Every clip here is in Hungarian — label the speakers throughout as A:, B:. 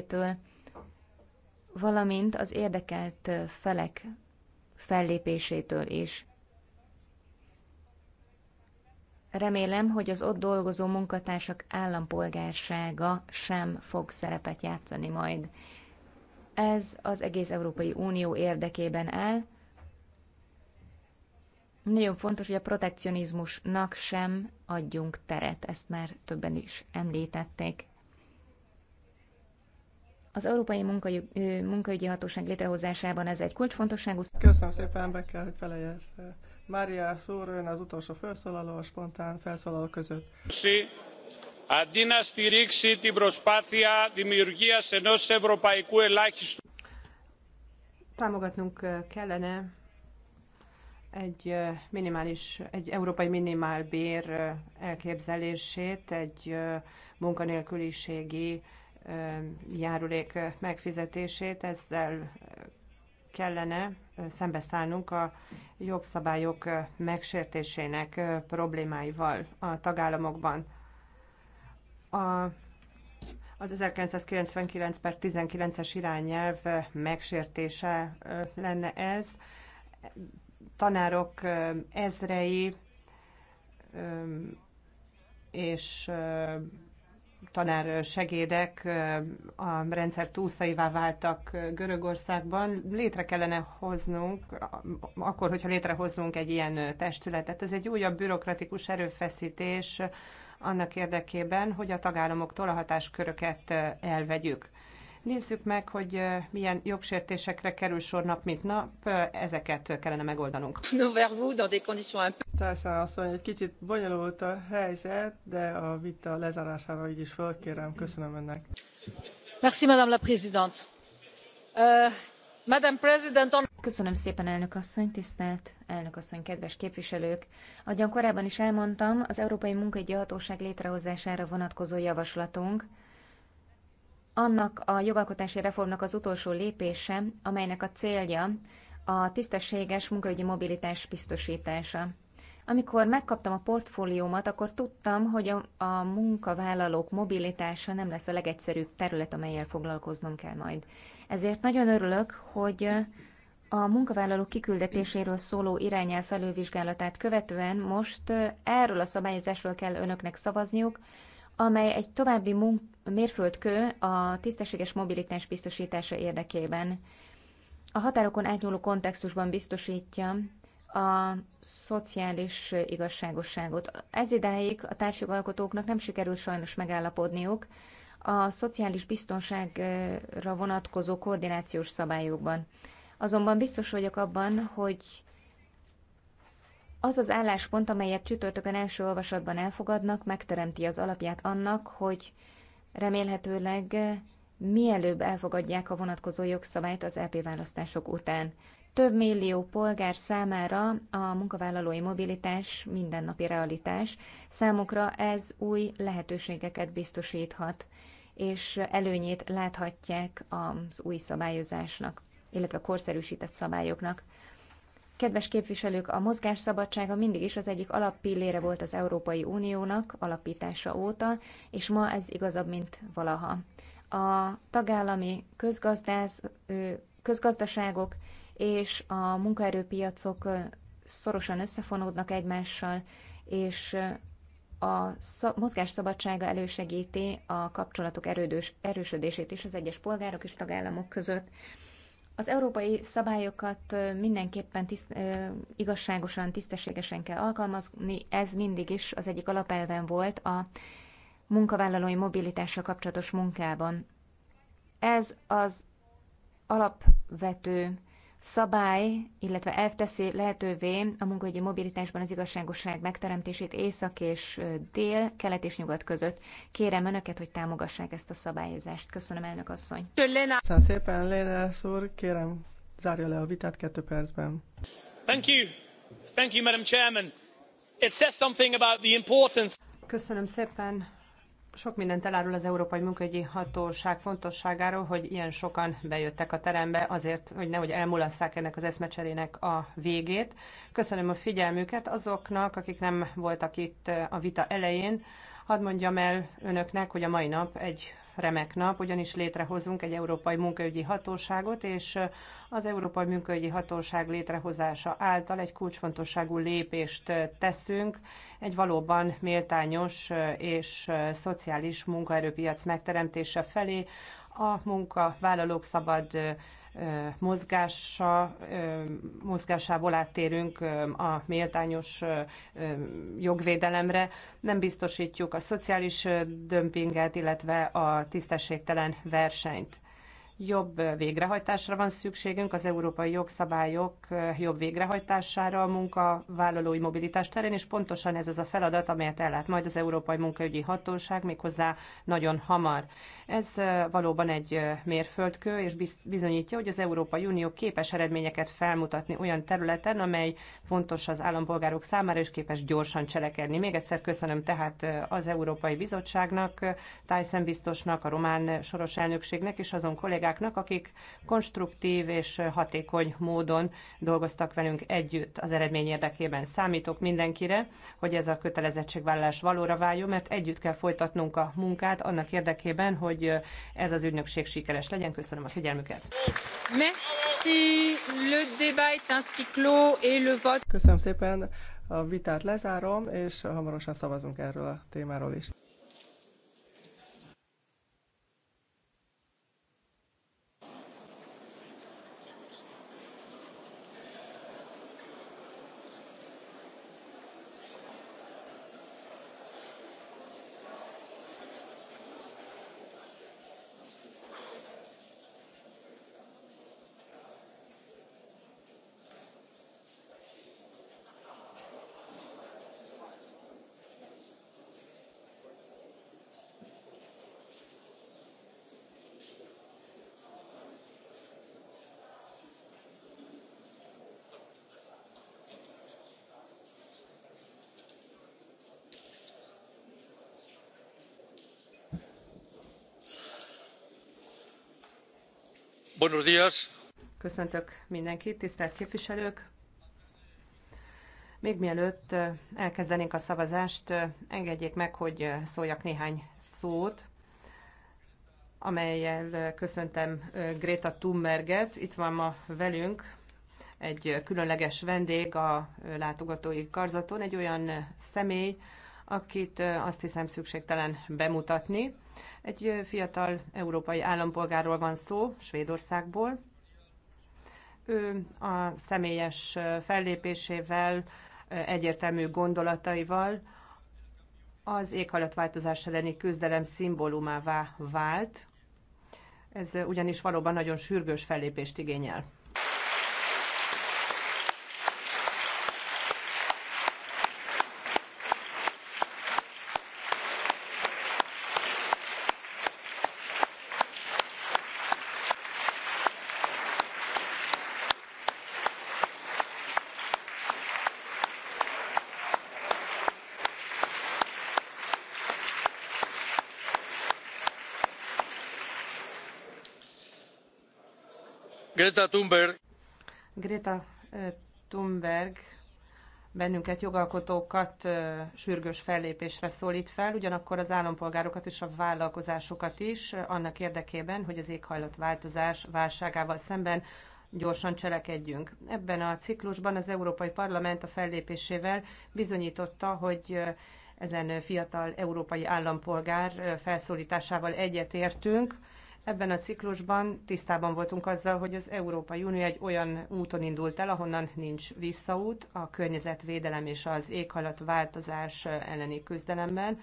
A: től valamint az érdekelt felek fellépésétől is. Remélem, hogy az ott dolgozó munkatársak állampolgársága sem fog szerepet játszani majd. Ez az egész Európai Unió érdekében áll. Nagyon fontos, hogy a protekcionizmusnak sem adjunk teret, ezt már többen is említették. Az Európai Munkaügyi, Munkaügyi Hatóság létrehozásában ez egy kulcsfontosságú... Köszönöm szépen, be kell, hogy felejesz.
B: Mária Szór, ön az utolsó felszólaló, a spontán felszólaló
C: között. Sí. Támogatnunk kellene egy minimális, egy európai minimálbér elképzelését, egy munkanélküliségi járulék megfizetését, ezzel kellene szembeszállnunk a jogszabályok megsértésének problémáival a tagállamokban. A, az 1999 per 19-es irányelv megsértése lenne ez. Tanárok ezrei és tanár segédek a rendszer túszaivá váltak Görögországban. Létre kellene hoznunk, akkor, hogyha létrehozunk egy ilyen testületet. Ez egy újabb bürokratikus erőfeszítés annak érdekében, hogy a tagállamoktól a hatásköröket elvegyük. Nézzük meg, hogy milyen jogsértésekre kerül sor nap mint nap, ezeket kellene megoldanunk. azt
B: mondja, egy kicsit bonyolult a helyzet, de a vita lezárására így is fölkérem. Köszönöm önnek.
A: Merci, madame la présidente. Uh, madame president, on... Köszönöm szépen, elnök asszony, tisztelt elnök asszony, kedves képviselők! Ahogyan korábban is elmondtam, az Európai Munkaügyi Hatóság létrehozására vonatkozó javaslatunk annak a jogalkotási reformnak az utolsó lépése, amelynek a célja a tisztességes munkaügyi mobilitás biztosítása. Amikor megkaptam a portfóliómat, akkor tudtam, hogy a, a munkavállalók mobilitása nem lesz a legegyszerűbb terület, amelyel foglalkoznom kell majd. Ezért nagyon örülök, hogy a munkavállalók kiküldetéséről szóló irányel felülvizsgálatát követően most erről a szabályozásról kell önöknek szavazniuk, amely egy további munka mérföldkő a tisztességes mobilitás biztosítása érdekében. A határokon átnyúló kontextusban biztosítja a szociális igazságosságot. Ez idáig a társjogalkotóknak nem sikerült sajnos megállapodniuk a szociális biztonságra vonatkozó koordinációs szabályokban. Azonban biztos vagyok abban, hogy az az álláspont, amelyet csütörtökön első olvasatban elfogadnak, megteremti az alapját annak, hogy remélhetőleg eh, mielőbb elfogadják a vonatkozó jogszabályt az EP választások után. Több millió polgár számára a munkavállalói mobilitás mindennapi realitás, számukra ez új lehetőségeket biztosíthat, és előnyét láthatják az új szabályozásnak, illetve a korszerűsített szabályoknak. Kedves képviselők, a mozgásszabadsága mindig is az egyik alappillére volt az Európai Uniónak alapítása óta, és ma ez igazabb, mint valaha. A tagállami közgazdász, közgazdaságok és a munkaerőpiacok szorosan összefonódnak egymással, és a mozgás szabadsága elősegíti a kapcsolatok erődős, erősödését is az egyes polgárok és tagállamok között. Az európai szabályokat mindenképpen tiszt, igazságosan, tisztességesen kell alkalmazni, ez mindig is az egyik alapelven volt a munkavállalói mobilitással kapcsolatos munkában. Ez az alapvető szabály, illetve elv teszi lehetővé a munkahogyi mobilitásban az igazságosság megteremtését észak és dél, kelet és nyugat között. Kérem Önöket, hogy támogassák ezt a szabályozást. Köszönöm, elnök asszony.
B: Köszönöm szépen, Léna úr. Kérem, zárja le a vitát kettő percben.
D: Thank you. Thank you, Madam Chairman. It says something about the importance.
C: Köszönöm szépen, sok mindent elárul az Európai Munkahogyi Hatóság fontosságáról, hogy ilyen sokan bejöttek a terembe azért, hogy nehogy elmulasszák ennek az eszmecserének a végét. Köszönöm a figyelmüket azoknak, akik nem voltak itt a vita elején. Hadd mondjam el önöknek, hogy a mai nap egy remek nap, ugyanis létrehozunk egy Európai Munkaügyi Hatóságot, és az Európai Munkaügyi Hatóság létrehozása által egy kulcsfontosságú lépést teszünk egy valóban méltányos és szociális munkaerőpiac megteremtése felé, a munkavállalók szabad mozgása, mozgásából áttérünk a méltányos jogvédelemre, nem biztosítjuk a szociális dömpinget, illetve a tisztességtelen versenyt jobb végrehajtásra van szükségünk, az európai jogszabályok jobb végrehajtására a munkavállalói mobilitás terén, és pontosan ez az a feladat, amelyet ellát majd az Európai Munkaügyi Hatóság, méghozzá nagyon hamar. Ez valóban egy mérföldkő, és bizonyítja, hogy az Európai Unió képes eredményeket felmutatni olyan területen, amely fontos az állampolgárok számára, és képes gyorsan cselekedni. Még egyszer köszönöm tehát az Európai Bizottságnak, Tyson biztosnak, a román soros elnökségnek és azon kollégáknak, kollégáknak, akik konstruktív és hatékony módon dolgoztak velünk együtt az eredmény érdekében. Számítok mindenkire, hogy ez a kötelezettségvállalás valóra váljon, mert együtt kell folytatnunk a munkát annak érdekében, hogy ez az ügynökség sikeres legyen. Köszönöm a figyelmüket. Merci. Le débat et
B: le vote. Köszönöm szépen. A vitát lezárom, és hamarosan szavazunk erről a témáról is.
C: Köszöntök mindenkit, tisztelt képviselők! Még mielőtt elkezdenénk a szavazást, engedjék meg, hogy szóljak néhány szót, amelyel köszöntem Greta Thunberget. Itt van ma velünk egy különleges vendég a látogatói karzaton, egy olyan személy, akit azt hiszem szükségtelen bemutatni. Egy fiatal európai állampolgárról van szó, Svédországból. Ő a személyes fellépésével, egyértelmű gondolataival az éghajlatváltozás elleni küzdelem szimbólumává vált. Ez ugyanis valóban nagyon sürgős fellépést igényel.
D: Greta Thunberg.
C: Greta Thunberg bennünket, jogalkotókat sürgős fellépésre szólít fel, ugyanakkor az állampolgárokat és a vállalkozásokat is annak érdekében, hogy az éghajlatváltozás válságával szemben gyorsan cselekedjünk. Ebben a ciklusban az Európai Parlament a fellépésével bizonyította, hogy ezen fiatal európai állampolgár felszólításával egyetértünk, Ebben a ciklusban tisztában voltunk azzal, hogy az Európai Unió egy olyan úton indult el, ahonnan nincs visszaút a környezetvédelem és az éghajlatváltozás elleni küzdelemben,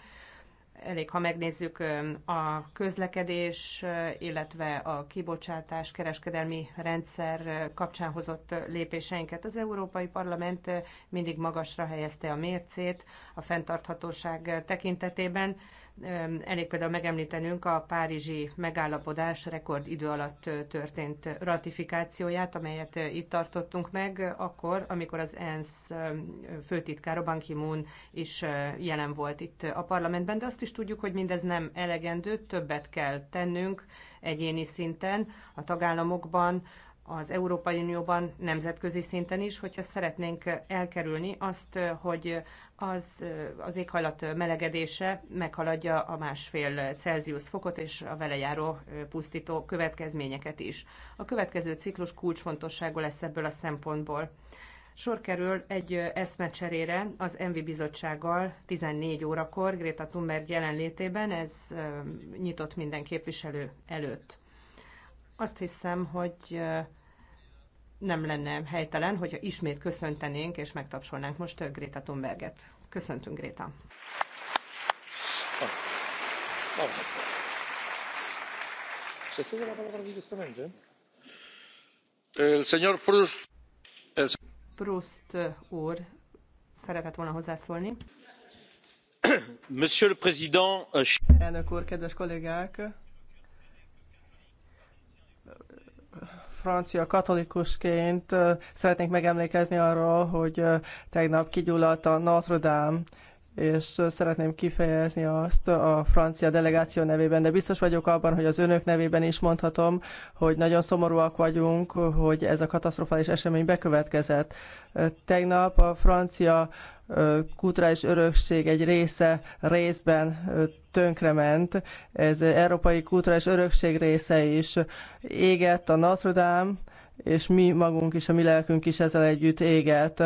C: elég, ha megnézzük a közlekedés, illetve a kibocsátás kereskedelmi rendszer kapcsán hozott lépéseinket. Az Európai Parlament mindig magasra helyezte a mércét a fenntarthatóság tekintetében. Elég például megemlítenünk a párizsi megállapodás idő alatt történt ratifikációját, amelyet itt tartottunk meg, akkor, amikor az ENSZ főtitkára Ban Ki-moon is jelen volt itt a parlamentben, de azt is is tudjuk, hogy mindez nem elegendő, többet kell tennünk egyéni szinten, a tagállamokban, az Európai Unióban, nemzetközi szinten is, hogyha szeretnénk elkerülni azt, hogy az, az éghajlat melegedése meghaladja a másfél Celsius fokot és a vele járó pusztító következményeket is. A következő ciklus kulcsfontosságú lesz ebből a szempontból. Sor kerül egy eszmecserére az Envi Bizottsággal 14 órakor Greta Thunberg jelenlétében, ez nyitott minden képviselő előtt. Azt hiszem, hogy nem lenne helytelen, hogyha ismét köszöntenénk és megtapsolnánk most Greta Thunberget. Köszöntünk, Greta!
D: El señor Proust. El...
C: Proust úr szeretett volna hozzászólni.
D: Monsieur le Président, euh,
C: elnök úr, kedves kollégák!
B: francia katolikusként euh, szeretnék megemlékezni arról, hogy euh, tegnap kigyulladt a Notre Dame és szeretném kifejezni azt a francia delegáció nevében, de biztos vagyok abban, hogy az önök nevében is mondhatom, hogy nagyon szomorúak vagyunk, hogy ez a katasztrofális esemény bekövetkezett. Tegnap a francia kulturális örökség egy része részben tönkrement. Ez európai kulturális örökség része is. Égett a Notre Dame, és mi magunk is, a mi lelkünk is ezzel együtt égett.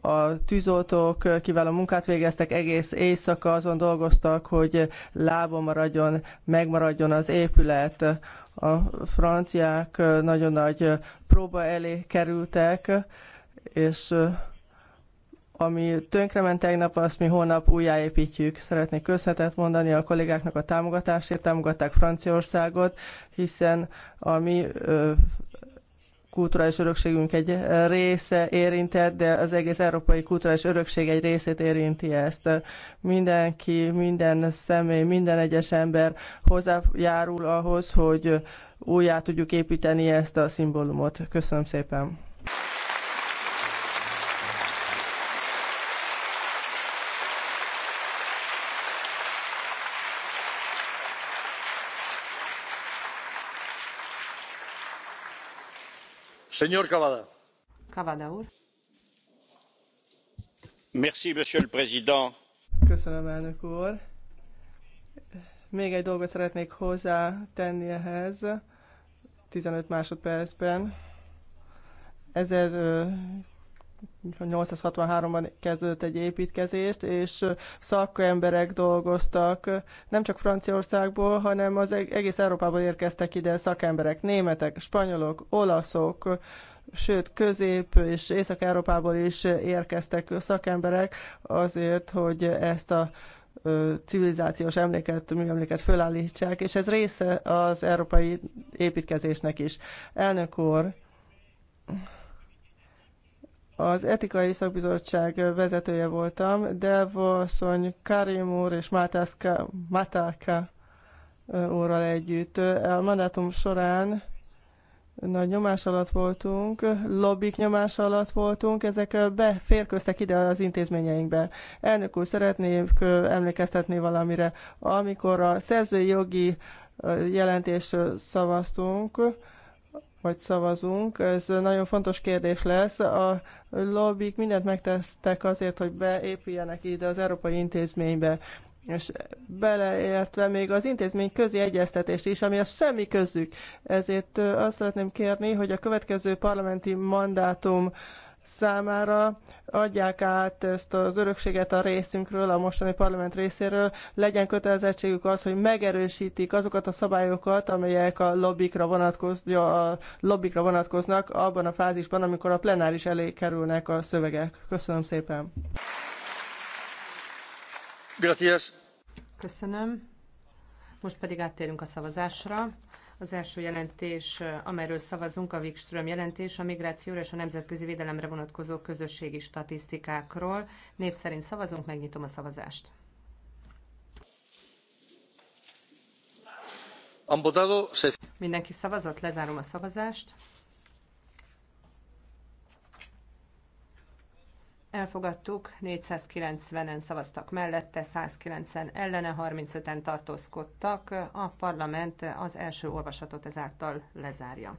B: A tűzoltók a munkát végeztek, egész éjszaka azon dolgoztak, hogy lába maradjon, megmaradjon az épület. A franciák nagyon nagy próba elé kerültek, és ami tönkrement tegnap, azt mi holnap újjáépítjük. Szeretnék köszönetet mondani a kollégáknak a támogatásért, támogatták Franciaországot, hiszen a mi kulturális örökségünk egy eh, része érintett, de az egész európai kulturális örökség egy részét érinti ezt. Mindenki, minden személy, minden egyes ember hozzájárul ahhoz, hogy újjá tudjuk építeni ezt a szimbólumot. Köszönöm szépen!
D: monsieur le président.
B: Köszönöm, Még egy dolgot szeretnék hozzátenni ehhez, 15 másodpercben. 1000 863-ban kezdődött egy építkezést, és szakemberek dolgoztak, nem csak Franciaországból, hanem az egész Európából érkeztek ide szakemberek, németek, spanyolok, olaszok, sőt, közép- és észak-európából is érkeztek szakemberek azért, hogy ezt a civilizációs emléket, műemléket fölállítsák, és ez része az európai építkezésnek is. Elnök úr, az etikai szakbizottság vezetője voltam, Delvo asszony, Karim úr és Mátászka, Matáka úrral együtt. A mandátum során nagy nyomás alatt voltunk, lobbik nyomás alatt voltunk, ezek beférköztek ide az intézményeinkbe. Elnök úr, szeretnék emlékeztetni valamire. Amikor a szerzői jogi jelentésről szavaztunk, vagy szavazunk. Ez nagyon fontos kérdés lesz. A lobbik mindent megtesztek azért, hogy beépüljenek ide az Európai Intézménybe és beleértve még az intézmény közi egyeztetést is, ami az semmi közük. Ezért azt szeretném kérni, hogy a következő parlamenti mandátum számára, adják át ezt az örökséget a részünkről, a mostani parlament részéről, legyen kötelezettségük az, hogy megerősítik azokat a szabályokat, amelyek a lobbikra, vonatkoz, a lobbikra vonatkoznak abban a fázisban, amikor a plenáris elé kerülnek a
C: szövegek. Köszönöm szépen! Gracias. Köszönöm. Most pedig áttérünk a szavazásra. Az első jelentés, amelyről szavazunk, a Wikström jelentés a migrációra és a nemzetközi védelemre vonatkozó közösségi statisztikákról. Név szerint szavazunk, megnyitom a szavazást. Mindenki szavazott, lezárom a szavazást. Elfogadtuk, 490-en szavaztak mellette, 190 ellene, 35-en tartózkodtak. A parlament az első olvasatot ezáltal lezárja.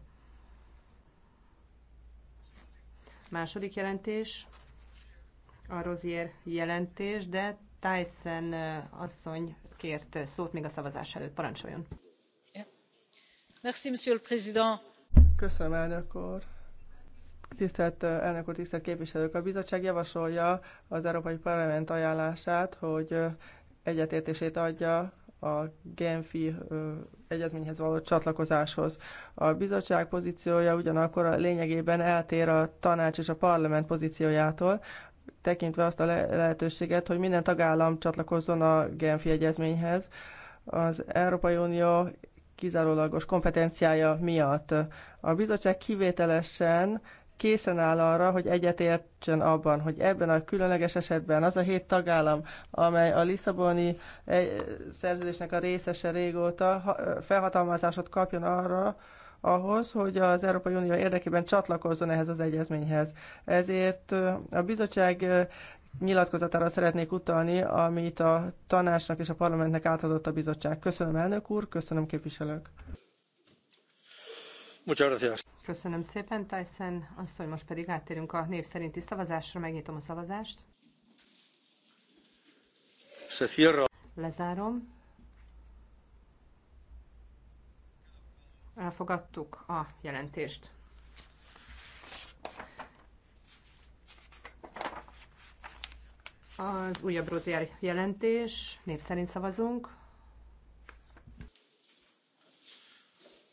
C: Második jelentés, a Rozier jelentés, de Tyson asszony kért szót még a szavazás előtt. Parancsoljon!
B: Köszönöm, elnök úr.
C: Tisztelt elnök úr, tisztelt képviselők!
B: A bizottság javasolja az Európai Parlament ajánlását, hogy egyetértését adja a Genfi egyezményhez való csatlakozáshoz. A bizottság pozíciója ugyanakkor a lényegében eltér a tanács és a parlament pozíciójától, tekintve azt a lehetőséget, hogy minden tagállam csatlakozzon a Genfi egyezményhez. Az Európai Unió kizárólagos kompetenciája miatt. A bizottság kivételesen készen áll arra, hogy egyetértsen abban, hogy ebben a különleges esetben az a hét tagállam, amely a Lisszaboni eh, szerződésnek a részese régóta eh, felhatalmazásot kapjon arra, ahhoz, hogy az Európai Unió érdekében csatlakozzon ehhez az egyezményhez. Ezért eh, a bizottság nyilatkozatára szeretnék utalni, amit a tanácsnak és a parlamentnek átadott a bizottság. Köszönöm elnök úr, köszönöm képviselők.
C: Köszönöm szépen, Tyson asszony. Most pedig áttérünk a név szerinti szavazásra. Megnyitom a szavazást. Se cierra. Lezárom. Elfogadtuk a jelentést. Az újabb Rozier jelentés, név szerint szavazunk.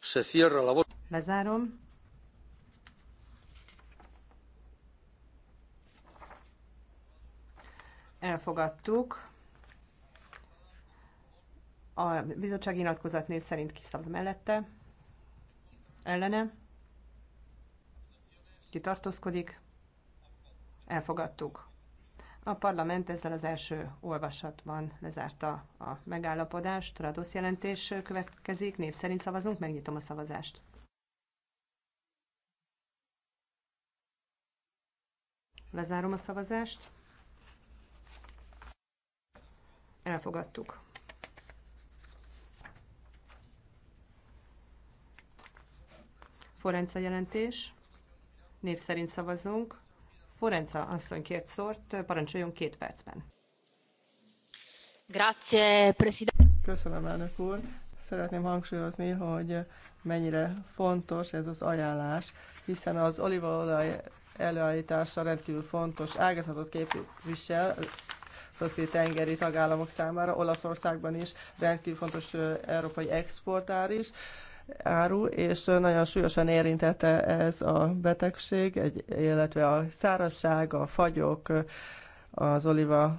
D: Se cierra la
C: Lezárom. Elfogadtuk. A bizottsági nyilatkozat név szerint kiszavaz mellette. Ellene. Kitartózkodik. Elfogadtuk. A parlament ezzel az első olvasatban lezárta a megállapodást. Radosz jelentés következik. Név szerint szavazunk. Megnyitom a szavazást. Lezárom a szavazást. Elfogadtuk. Forenca jelentés. Név szerint szavazunk. Forenca asszony kért szort, parancsoljon két percben. Grazie,
B: president. Köszönöm, elnök úr. Szeretném hangsúlyozni, hogy mennyire fontos ez az ajánlás, hiszen az olívaolaj előállítása rendkívül fontos ágazatot képvisel, földközi tengeri tagállamok számára, Olaszországban is rendkívül fontos európai exportár is áru, és nagyon súlyosan érintette ez a betegség, egy, illetve a szárazság, a fagyok, az oliva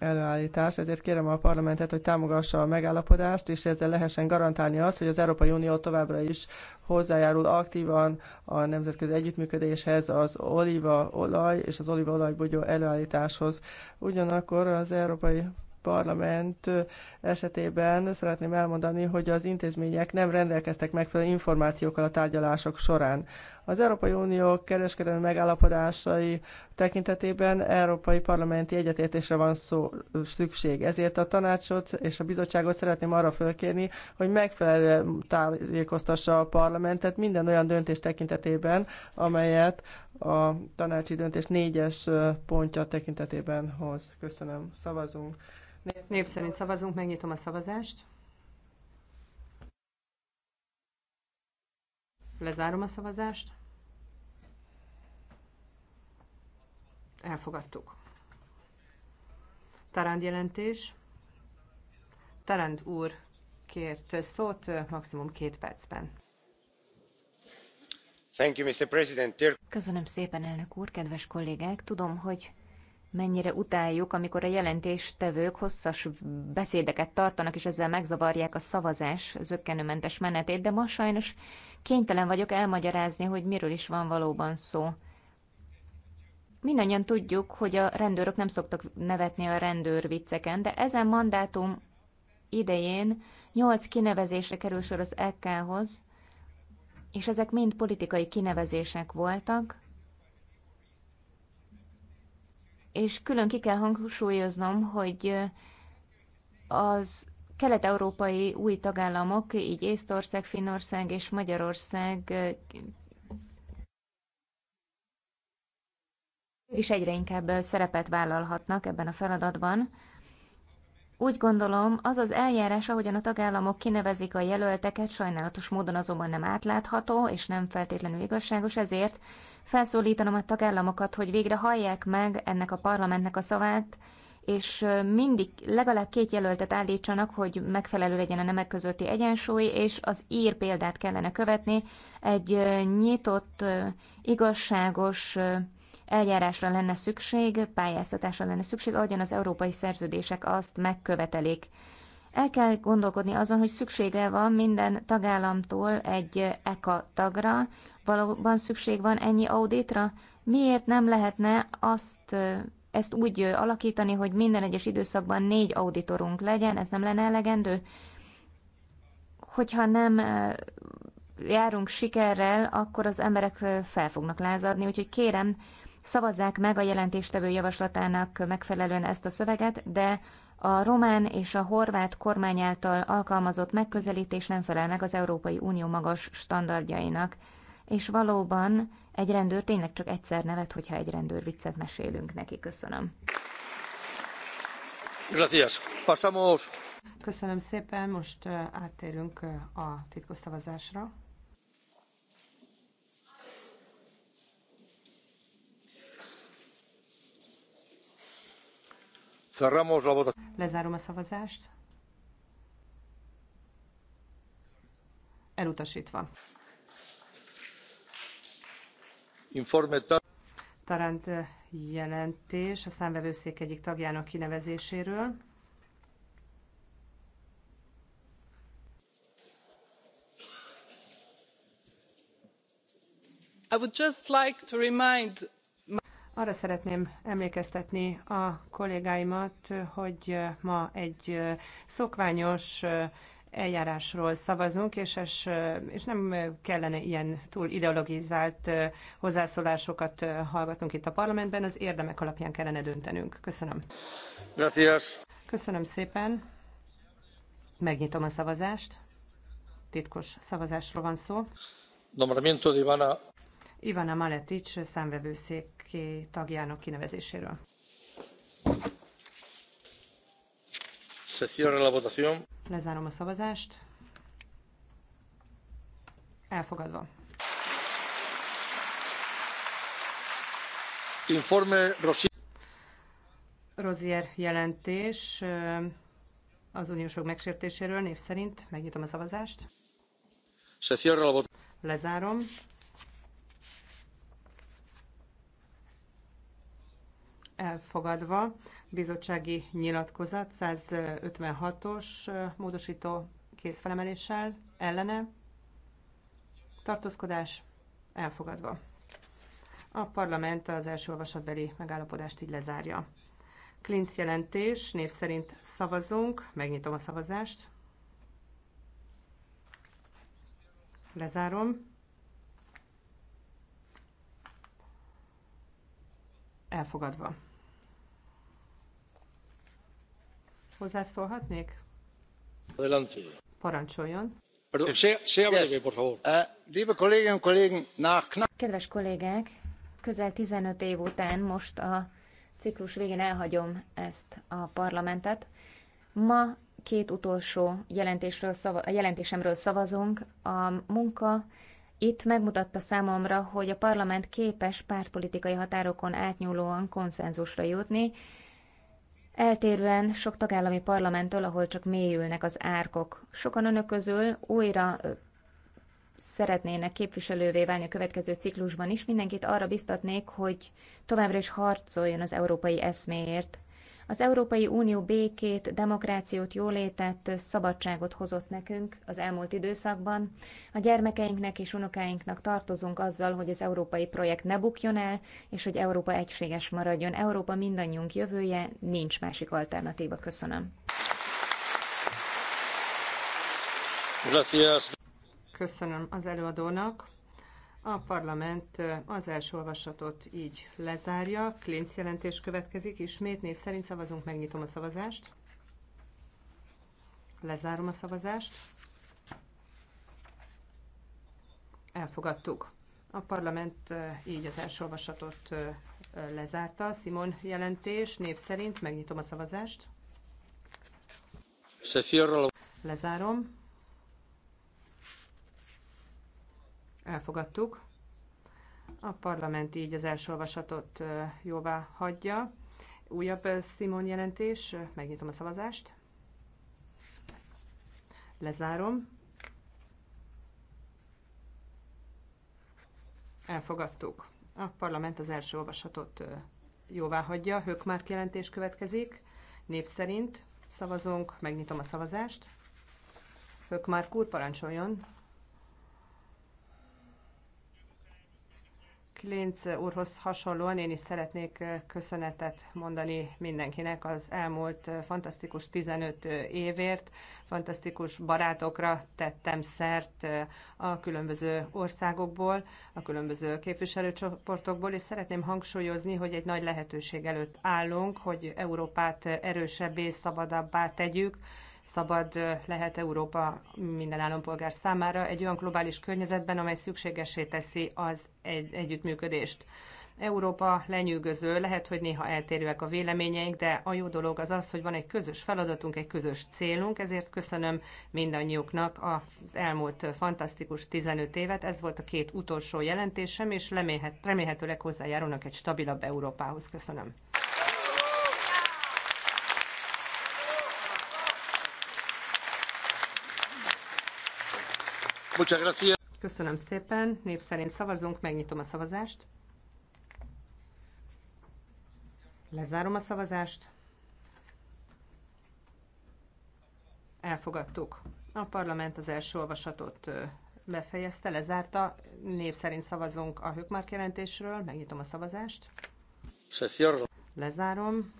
B: előállítás, ezért kérem a parlamentet, hogy támogassa a megállapodást, és ezzel lehessen garantálni azt, hogy az Európai Unió továbbra is hozzájárul aktívan a nemzetközi együttműködéshez, az olívaolaj és az olívaolajbogyó előállításhoz. Ugyanakkor az Európai Parlament esetében szeretném elmondani, hogy az intézmények nem rendelkeztek megfelelő információkkal a tárgyalások során. Az Európai Unió kereskedelmi megállapodásai tekintetében európai parlamenti egyetértésre van szó, szükség. Ezért a tanácsot és a bizottságot szeretném arra fölkérni, hogy megfelelően tájékoztassa a parlamentet minden olyan döntés tekintetében, amelyet a tanácsi döntés négyes pontja tekintetében hoz. Köszönöm.
C: Szavazunk. Név szerint szavazunk, megnyitom a szavazást. Lezárom a szavazást. Elfogadtuk. Tarand jelentés.
A: Tarand úr kért szót maximum két percben.
D: Thank you, Mr. President.
A: Köszönöm szépen, elnök úr, kedves kollégák! Tudom, hogy mennyire utáljuk, amikor a jelentéstevők hosszas beszédeket tartanak, és ezzel megzavarják a szavazás zöggenőmentes menetét, de ma sajnos kénytelen vagyok elmagyarázni, hogy miről is van valóban szó. Mindannyian tudjuk, hogy a rendőrök nem szoktak nevetni a rendőr vicceken, de ezen mandátum idején 8 kinevezésre kerül sor az EK-hoz, és ezek mind politikai kinevezések voltak, és külön ki kell hangsúlyoznom, hogy az kelet-európai új tagállamok, így Észtország, Finnország és Magyarország is egyre inkább szerepet vállalhatnak ebben a feladatban. Úgy gondolom, az az eljárás, ahogyan a tagállamok kinevezik a jelölteket, sajnálatos módon azonban nem átlátható és nem feltétlenül igazságos, ezért felszólítanom a tagállamokat, hogy végre hallják meg ennek a parlamentnek a szavát, és mindig legalább két jelöltet állítsanak, hogy megfelelő legyen a nemek közötti egyensúly, és az ír példát kellene követni. Egy nyitott, igazságos eljárásra lenne szükség, pályáztatásra lenne szükség, ahogyan az európai szerződések azt megkövetelik. El kell gondolkodni azon, hogy szüksége van minden tagállamtól egy ECA tagra, valóban szükség van ennyi auditra? Miért nem lehetne azt ezt úgy alakítani, hogy minden egyes időszakban négy auditorunk legyen, ez nem lenne elegendő? Hogyha nem járunk sikerrel, akkor az emberek fel fognak lázadni, úgyhogy kérem, szavazzák meg a jelentéstevő javaslatának megfelelően ezt a szöveget, de a román és a horvát kormány által alkalmazott megközelítés nem felel meg az Európai Unió magas standardjainak és valóban egy rendőr tényleg csak egyszer nevet, hogyha egy rendőr viccet mesélünk neki. Köszönöm.
D: Gracias. Pasamos.
C: Köszönöm szépen, most áttérünk a titkos szavazásra. Lezárom a szavazást. Elutasítva. Tarant jelentés a számvevőszék egyik tagjának kinevezéséről. I would just like to remind arra szeretném emlékeztetni a kollégáimat, hogy ma egy szokványos eljárásról szavazunk, és, es, és nem kellene ilyen túl ideologizált hozzászólásokat hallgatnunk itt a parlamentben, az érdemek alapján kellene döntenünk. Köszönöm.
D: Gracias.
C: Köszönöm szépen. Megnyitom a szavazást. Titkos szavazásról van szó.
D: Nombramiento de Ivana.
C: Ivana Maletic számvevőszéki tagjának kinevezéséről.
D: Se cierra la votación.
C: Lezárom a szavazást. Elfogadva.
D: Informe
C: Rozier jelentés az uniós jog megsértéséről név szerint. Megnyitom a szavazást. Se Lezárom. Elfogadva bizottsági nyilatkozat 156-os módosító kézfelemeléssel ellene tartózkodás elfogadva. A parlament az első olvasatbeli megállapodást így lezárja. Klinc jelentés, név szerint szavazunk, megnyitom a szavazást. Lezárom. Elfogadva. Hozzászólhatnék?
D: Adelante.
A: Parancsoljon. Eh, Kedves kollégák, közel 15 év után most a ciklus végén elhagyom ezt a parlamentet. Ma két utolsó jelentésről szava, jelentésemről szavazunk. A munka itt megmutatta számomra, hogy a parlament képes pártpolitikai határokon átnyúlóan konszenzusra jutni, Eltérően sok tagállami parlamenttől, ahol csak mélyülnek az árkok. Sokan önök közül újra szeretnének képviselővé válni a következő ciklusban is, mindenkit arra biztatnék, hogy továbbra is harcoljon az európai eszméért. Az Európai Unió békét, demokrációt, jólétet, szabadságot hozott nekünk az elmúlt időszakban. A gyermekeinknek és unokáinknak tartozunk azzal, hogy az európai projekt ne bukjon el, és hogy Európa egységes maradjon. Európa mindannyiunk jövője, nincs másik alternatíva. Köszönöm. Köszönöm az előadónak.
C: A parlament az első olvasatot így lezárja. Klinc jelentés következik. Ismét név szerint szavazunk, megnyitom a szavazást. Lezárom a szavazást. Elfogadtuk. A parlament így az első olvasatot lezárta. Simon jelentés név szerint megnyitom a szavazást. Lezárom. elfogadtuk. A parlament így az első olvasatot jóvá hagyja. Újabb Simon jelentés, megnyitom a szavazást. Lezárom. Elfogadtuk. A parlament az első olvasatot jóvá hagyja. Hökmárk jelentés következik. Név szerint szavazunk, megnyitom a szavazást. Hökmárk úr, parancsoljon! Klinc úrhoz hasonlóan én is szeretnék köszönetet mondani mindenkinek az elmúlt fantasztikus 15 évért. Fantasztikus barátokra tettem szert a különböző országokból, a különböző képviselőcsoportokból, és szeretném hangsúlyozni, hogy egy nagy lehetőség előtt állunk, hogy Európát erősebbé, szabadabbá tegyük, szabad lehet Európa minden állampolgár számára egy olyan globális környezetben, amely szükségesé teszi az egy- együttműködést. Európa lenyűgöző, lehet, hogy néha eltérőek a véleményeink, de a jó dolog az az, hogy van egy közös feladatunk, egy közös célunk, ezért köszönöm mindannyiuknak az elmúlt fantasztikus 15 évet. Ez volt a két utolsó jelentésem, és remélhetőleg hozzájárulnak egy stabilabb Európához. Köszönöm. Köszönöm szépen. Név szerint szavazunk, megnyitom a szavazást. Lezárom a szavazást. Elfogadtuk. A parlament az első olvasatot befejezte, lezárta. Név szerint szavazunk a Hökmark jelentésről. Megnyitom a szavazást. Lezárom.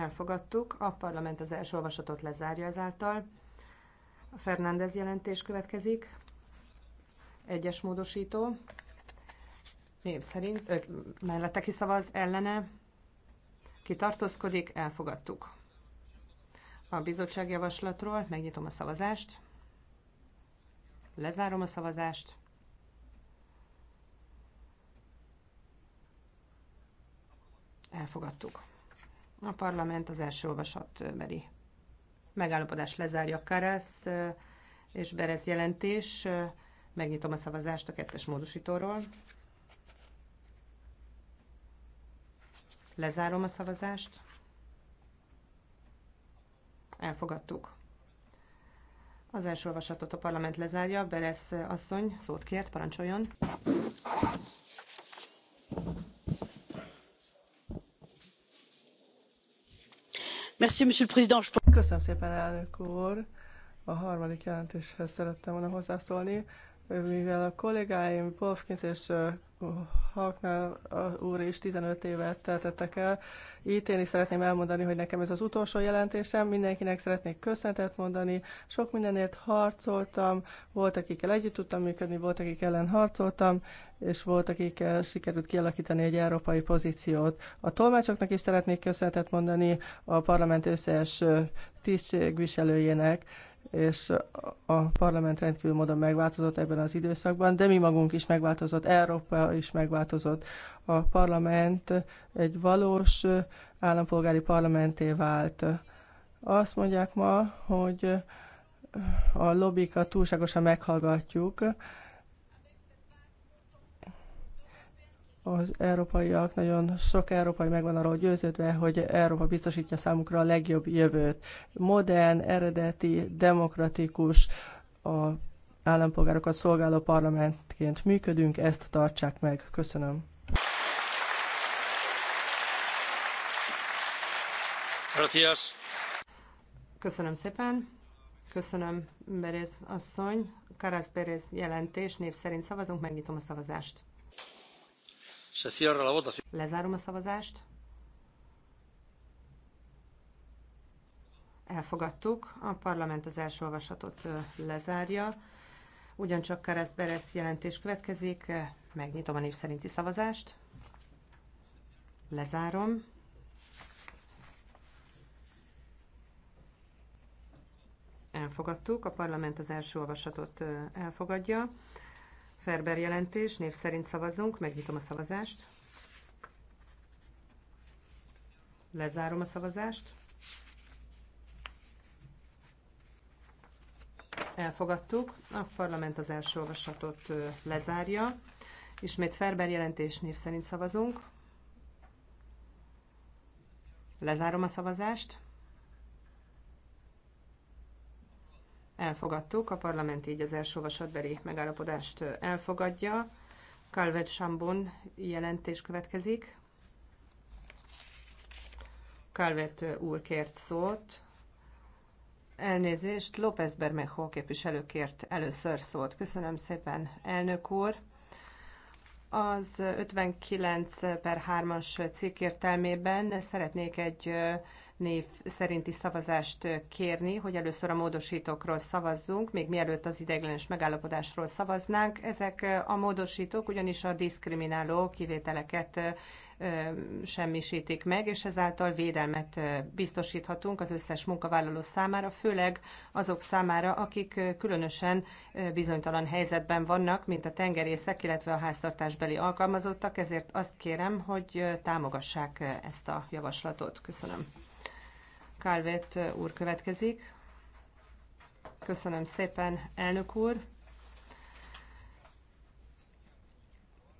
C: elfogadtuk, a parlament az első olvasatot lezárja ezáltal. A Fernández jelentés következik, egyes módosító, név szerint, ö, mellette kiszavaz, ellene, kitartózkodik, elfogadtuk. A bizottság javaslatról megnyitom a szavazást, lezárom a szavazást, elfogadtuk. A parlament az első olvasatbeli megállapodás lezárja Karasz és Berez jelentés. Megnyitom a szavazást a kettes módosítóról. Lezárom a szavazást. Elfogadtuk. Az első olvasatot a parlament lezárja. Beresz asszony szót kért, parancsoljon.
B: Köszönöm szépen, elnök úr. A harmadik jelentéshez szerettem volna hozzászólni, mivel a kollégáim Polfkins és Haknál úr is 15 évet teltettek el. Itt én is szeretném elmondani, hogy nekem ez az utolsó jelentésem. Mindenkinek szeretnék köszönetet mondani. Sok mindenért harcoltam, volt, akikkel együtt tudtam működni, volt, akik ellen harcoltam, és volt, akikkel sikerült kialakítani egy európai pozíciót. A tolmácsoknak is szeretnék köszönetet mondani a parlament összes tisztségviselőjének és a parlament rendkívül módon megváltozott ebben az időszakban, de mi magunk is megváltozott, Európa is megváltozott. A parlament egy valós állampolgári parlamenté vált. Azt mondják ma, hogy a lobbikat túlságosan meghallgatjuk, az európaiak, nagyon sok európai megvan arról győződve, hogy Európa biztosítja számukra a legjobb jövőt. Modern, eredeti, demokratikus, a állampolgárokat szolgáló parlamentként működünk, ezt
C: tartsák meg. Köszönöm. Gracias. Köszönöm szépen. Köszönöm, Berez asszony. Karasz Berez jelentés, név szerint szavazunk, megnyitom a szavazást. Lezárom a szavazást. Elfogadtuk. A parlament az első olvasatot lezárja. Ugyancsak Keresz Beres jelentés következik. Megnyitom a név szerinti szavazást. Lezárom. Elfogadtuk. A parlament az első olvasatot elfogadja. Ferber jelentés, név szerint szavazunk, megnyitom a szavazást. Lezárom a szavazást. Elfogadtuk. A parlament az első olvasatot lezárja. Ismét Ferber jelentés név szerint szavazunk. Lezárom a szavazást. elfogadtuk, a parlament így az első olvasatbeli megállapodást elfogadja. Calvet Sambon jelentés következik. Calvet úr kért szót. Elnézést, López Bermejo képviselő kért először szót. Köszönöm szépen, elnök úr. Az 59 per 3-as cikk értelmében szeretnék egy név szerinti szavazást kérni, hogy először a módosítókról szavazzunk, még mielőtt az ideiglenes megállapodásról szavaznánk. Ezek a módosítók ugyanis a diszkrimináló kivételeket semmisítik meg, és ezáltal védelmet biztosíthatunk az összes munkavállaló számára, főleg azok számára, akik különösen bizonytalan helyzetben vannak, mint a tengerészek, illetve a háztartásbeli alkalmazottak, ezért azt kérem, hogy támogassák ezt a javaslatot. Köszönöm. Calvet eh, úr következik. Köszönöm szépen, elnök úr.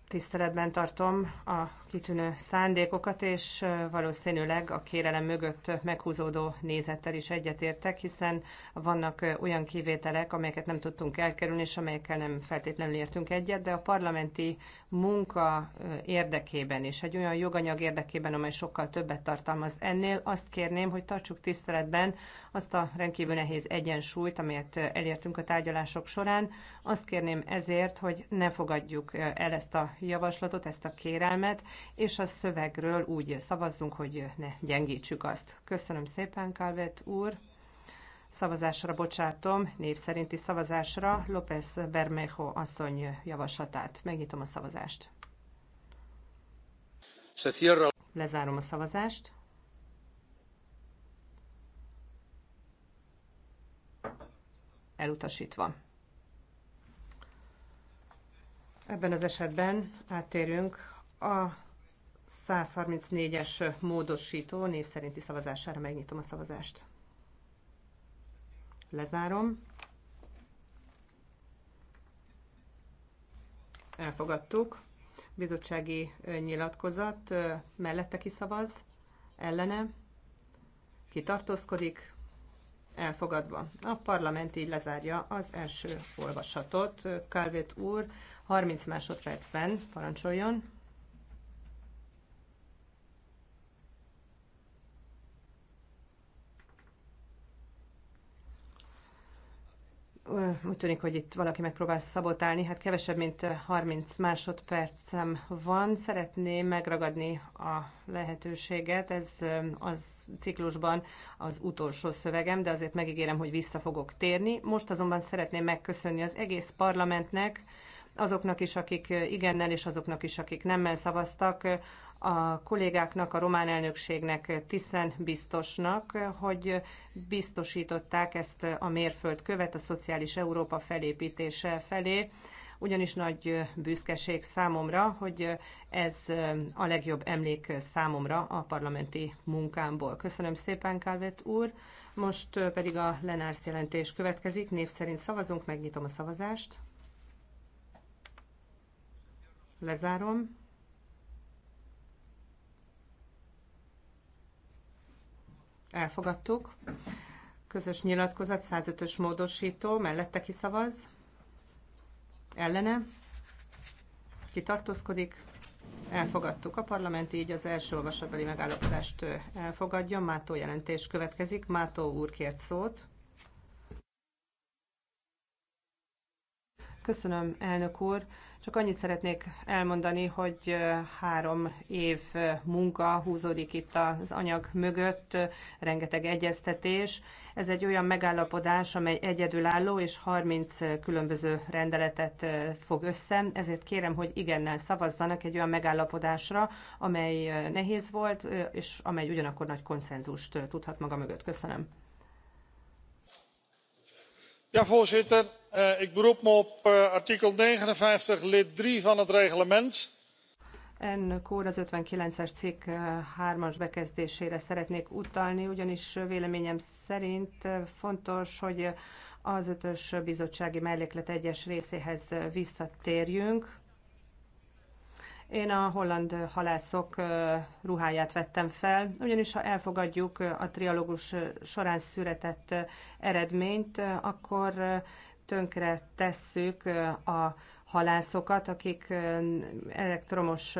C: Tiszteletben tartom a kitűnő szándékokat, és valószínűleg a kérelem mögött meghúzódó nézettel is egyetértek, hiszen vannak olyan kivételek, amelyeket nem tudtunk elkerülni, és amelyekkel nem feltétlenül értünk egyet, de a parlamenti munka érdekében és egy olyan joganyag érdekében, amely sokkal többet tartalmaz ennél, azt kérném, hogy tartsuk tiszteletben azt a rendkívül nehéz egyensúlyt, amelyet elértünk a tárgyalások során. Azt kérném ezért, hogy ne fogadjuk el ezt a javaslatot, ezt a kérelmet, és a szövegről úgy szavazzunk, hogy ne gyengítsük azt. Köszönöm szépen, Calvet úr! Szavazásra bocsátom, név szerinti szavazásra López Bermejo asszony javaslatát. Megnyitom a szavazást. Lezárom a szavazást. Elutasítva. Ebben az esetben áttérünk a 134-es módosító név szerinti szavazására megnyitom a szavazást. Lezárom. Elfogadtuk. Bizottsági nyilatkozat mellette kiszavaz, ellene, kitartózkodik, elfogadva. A parlament így lezárja az első olvasatot. Kálvét úr 30 másodpercben parancsoljon. úgy tűnik, hogy itt valaki megpróbál szabotálni. Hát kevesebb, mint 30 másodpercem van. Szeretném megragadni a lehetőséget. Ez az ciklusban az utolsó szövegem, de azért megígérem, hogy vissza fogok térni. Most azonban szeretném megköszönni az egész parlamentnek, azoknak is, akik igennel, és azoknak is, akik nemmel szavaztak, a kollégáknak, a román elnökségnek, Tiszen biztosnak, hogy biztosították ezt a mérföldkövet a szociális Európa felépítése felé, ugyanis nagy büszkeség számomra, hogy ez a legjobb emlék számomra a parlamenti munkámból. Köszönöm szépen, Kávet úr! Most pedig a Lenársz jelentés következik. Név szerint szavazunk, megnyitom a szavazást. Lezárom. Elfogadtuk. Közös nyilatkozat 105-ös módosító, mellette kiszavaz. Ellene. Kitartózkodik. Elfogadtuk. A parlament így az első olvasatbeli megállapodást elfogadja. Mátó jelentés következik. Mátó úr kért szót. Köszönöm, elnök úr. Csak annyit szeretnék elmondani, hogy három év munka húzódik itt az anyag mögött, rengeteg egyeztetés. Ez egy olyan megállapodás, amely egyedülálló és 30 különböző rendeletet fog össze. Ezért kérem, hogy igennel szavazzanak egy olyan megállapodásra, amely nehéz volt, és amely ugyanakkor nagy konszenzust tudhat maga mögött. Köszönöm.
D: Ja, voorzitter. Eh, ik beroep me op eh, artikel negenenvijftig lid drie van het reglement.
C: En úr, az 59-es cikk 3-as eh, bekezdésére szeretnék utalni, ugyanis véleményem szerint fontos, hogy az ötös bizottsági melléklet egyes részéhez visszatérjünk. Én a holland halászok ruháját vettem fel, ugyanis ha elfogadjuk a trialógus során született eredményt, akkor tönkre tesszük a halászokat, akik elektromos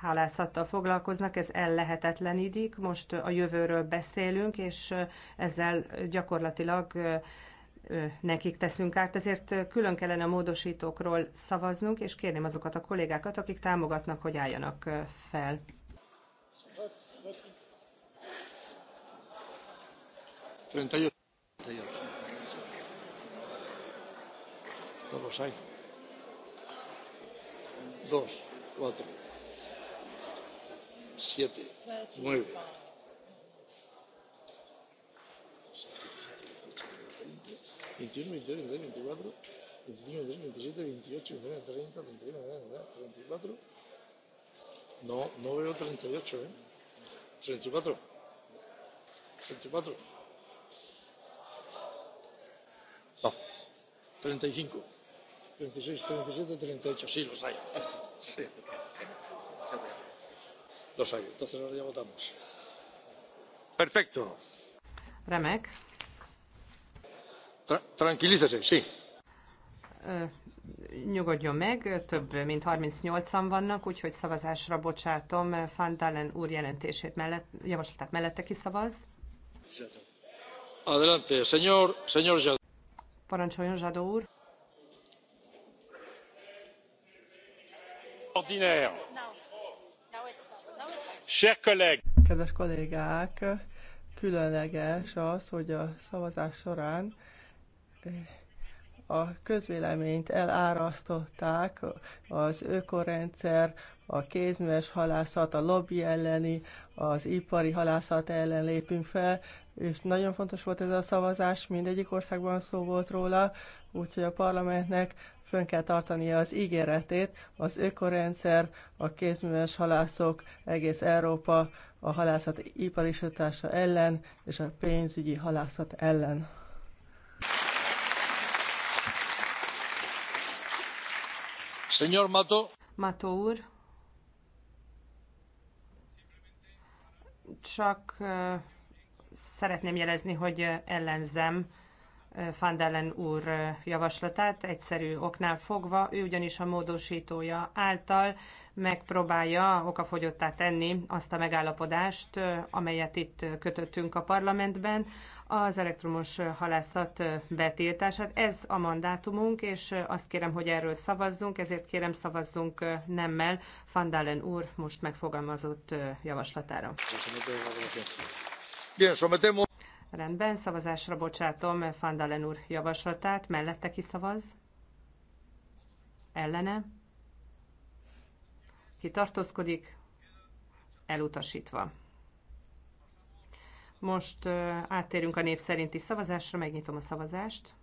C: halászattal foglalkoznak, ez ellehetetlenítik. Most a jövőről beszélünk, és ezzel gyakorlatilag nekik teszünk Át, ezért külön kellene a módosítókról szavaznunk, és kérném azokat a kollégákat, akik támogatnak, hogy álljanak fel.
D: Trentajos. no los hay. Dos, cuatro, siete, nueve. veintiuno, veintidós, veintitrés, veinticuatro, veinticinco, veintiséis, veintisiete, veintiocho, veintinueve, treinta, treinta y uno, treinta y cuatro. No, no veo treinta y ocho, ¿eh? Treinta y cuatro. Treinta y cuatro. No. Treinta y cinco los los entonces perfecto
C: remek nyugodjon meg, több mint 38-an vannak, úgyhogy szavazásra bocsátom dalen úr jelentését mellett, javaslatát mellette kiszavaz.
D: Adelante, señor, señor
C: Parancsoljon Zsadó úr.
B: extraordinaire. Chers collègues. Kedves kollégák, különleges az, hogy a szavazás során eh, a közvéleményt elárasztották az ökorendszer, a kézműves halászat, a lobby elleni, az ipari halászat ellen lépünk fel, és nagyon fontos volt ez a szavazás, mindegyik országban szó volt róla, úgyhogy a parlamentnek fönn kell tartania az ígéretét, az ökorendszer, a kézműves halászok, egész Európa a halászat iparisítása ellen és a pénzügyi halászat ellen.
D: Señor Mato.
C: Mato úr. Csak szeretném jelezni, hogy ellenzem van úr javaslatát egyszerű oknál fogva, ő ugyanis a módosítója által megpróbálja okafogyottá tenni azt a megállapodást, amelyet itt kötöttünk a parlamentben, az elektromos halászat betiltását. Ez a mandátumunk, és azt kérem, hogy erről szavazzunk, ezért kérem szavazzunk nemmel Van Dalen úr most megfogalmazott javaslatára. Bien, Rendben, szavazásra bocsátom Fandalen úr javaslatát. Mellette ki szavaz? Ellene? Ki tartózkodik? Elutasítva. Most áttérünk a név szerinti szavazásra, megnyitom a szavazást.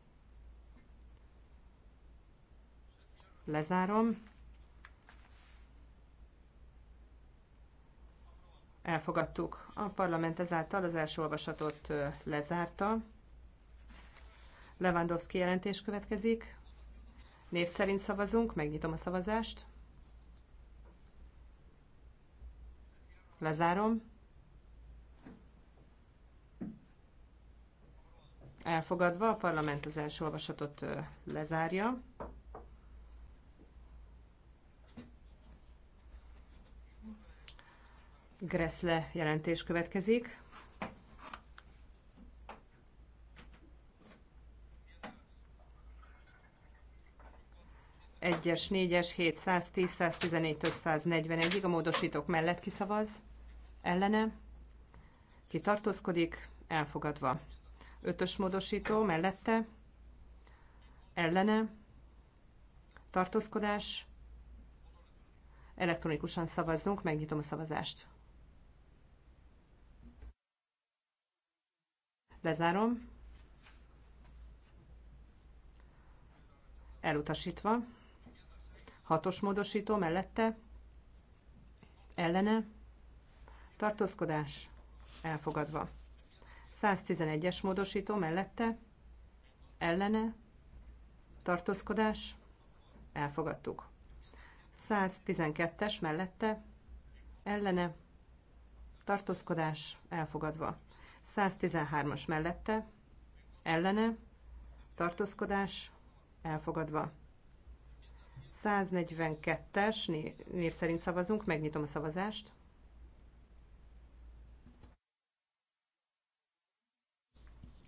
C: Lezárom. Elfogadtuk. A parlament ezáltal az első olvasatot lezárta. Lewandowski jelentés következik. Név szerint szavazunk, megnyitom a szavazást. Lezárom. Elfogadva a parlament az első olvasatot lezárja. Gressle jelentés következik. Egyes, négyes, 710, 114-től 141-ig a módosítók mellett kiszavaz, ellene, kitartózkodik, elfogadva. Ötös módosító mellette, ellene, tartózkodás, elektronikusan szavazzunk, megnyitom a szavazást. Lezárom. Elutasítva. Hatos módosító mellette. Ellene. Tartózkodás. Elfogadva. 111-es módosító mellette. Ellene. Tartózkodás. Elfogadtuk. 112-es mellette. Ellene. Tartózkodás. Elfogadva. 113-as mellette, ellene, tartózkodás, elfogadva. 142-es név szerint szavazunk, megnyitom a szavazást.